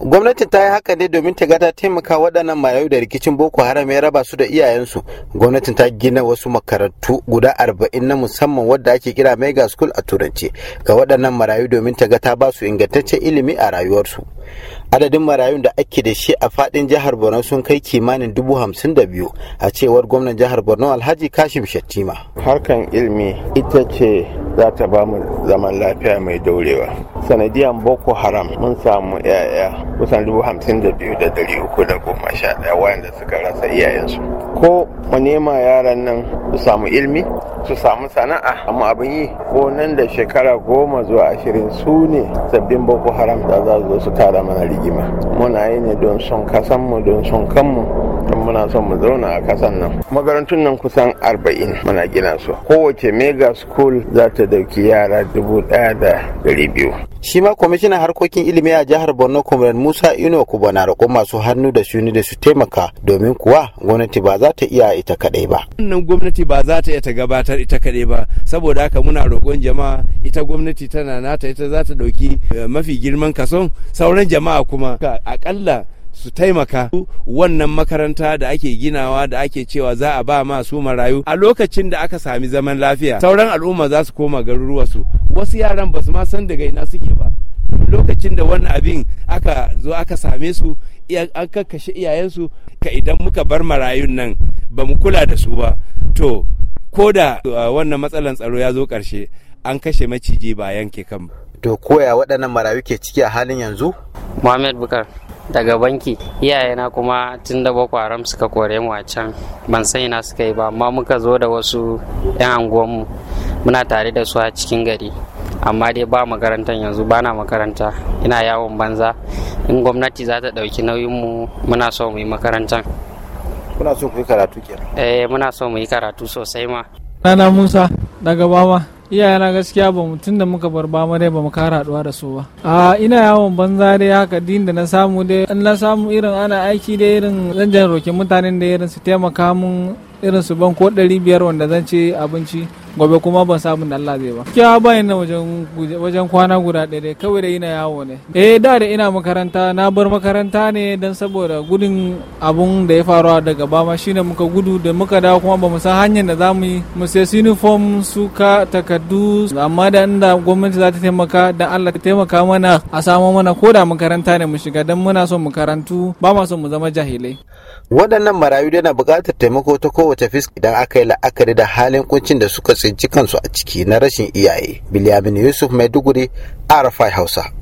gwamnati ta yi haka ne domin ta gata taimaka waɗannan marayu da rikicin boko haram ya raba su da iyayensu gwamnatin ta gina wasu makarantu guda arba'in na musamman wadda ake kira mega school a turanci ga waɗannan marayu domin ta gata ba su ingantaccen ilimi a rayuwarsu adadin marayun da ake da shi a faɗin jihar borno sun kai kimanin dubu hamsin da biyu a cewar gwamnan jihar borno alhaji kashim shattima harkan ilimi ita ce za ta ba mu zaman lafiya mai daurewa sanadiyan boko haram mun samu yaya kusan dubu hamsin da biyu da dari uku da goma sha ɗaya wayanda suka rasa iyayensu ko mu nema yaran nan su samu ilmi su samu sana'a amma abin yi ko nan da shekara goma zuwa ashirin su ne sabbin boko haram da za su zo su tara mana rigima muna yi ne don son kasanmu don son kanmu don muna son mu zauna a kasan nan makarantun nan kusan arba'in muna gina su kowace mega school za ta dauki yara dubu ɗaya ɗari biyu shi kwamishinan harkokin ilimi a jihar borno comrade musa ino ku na rako masu hannu da shuni da su taimaka domin kuwa gwamnati ba za ta iya ita kaɗai ba wannan gwamnati ba za ta iya ta gabatar ita kaɗai ba saboda haka muna roƙon jama'a ita gwamnati tana nata ita za ta ɗauki eh, mafi girman kason sauran jama'a kuma akalla su taimaka wannan makaranta da ake ginawa da ake cewa za a ba masu marayu a lokacin da aka sami zaman lafiya sauran al'umma za su koma garuruwarsu wasu yaran ba su ma san daga ina suke ba lokacin da wannan abin aka zo aka same su an kakkashe iyayensu ka idan muka bar marayun nan ba mu kula da su ba to ko da wannan matsalan tsaro ya zo karshe an kashe maciji ba yanke kan to koya waɗannan marayu ke ciki a halin yanzu Muhammad Bukar daga banki iyayena kuma tun da boko haram suka kore mu a can ban san ina suka yi ba amma muka zo da wasu 'yan anguwanmu muna tare da su a cikin gari amma dai ba makarantar yanzu ba na makaranta ina yawon banza in gwamnati za ta ɗauki nauyinmu muna so mu yi makarantar muna so ku yi karatu kenan eh muna so mu yi karatu sosai ma nana musa daga bama iyayena gaskiya ba mutum da muka bar bamu dai ba mu kara haduwa da su ba a ina yawon banza dai haka din da na samu dai in na samu irin ana aiki da irin zan jan mutanen da irin su taimaka mun irin su ban ko ɗari biyar wanda zan ci abinci gobe kuma ban samu da Allah zai ba kiya bayan na wajen wajen kwana guda ɗaya kawai da ina yawo ne eh da da ina makaranta na bar makaranta ne dan saboda gudun abun da ya faru daga bama shine muka gudu da muka dawo kuma ba mu san hanyar da zamu yi mu sai uniform suka takardu amma da inda gwamnati za ta taimaka dan Allah ta taimaka mana a samo mana koda makaranta ne mu shiga dan muna son mu karantu ba ma son mu zama jahilai waɗannan marayu dai na buƙatar taimako ta kowace fisk idan aka yi la'akari da halin kuncin da suka tsinci kansu a ciki na rashin iyaye biliyamin yusuf maiduguri arafai hausa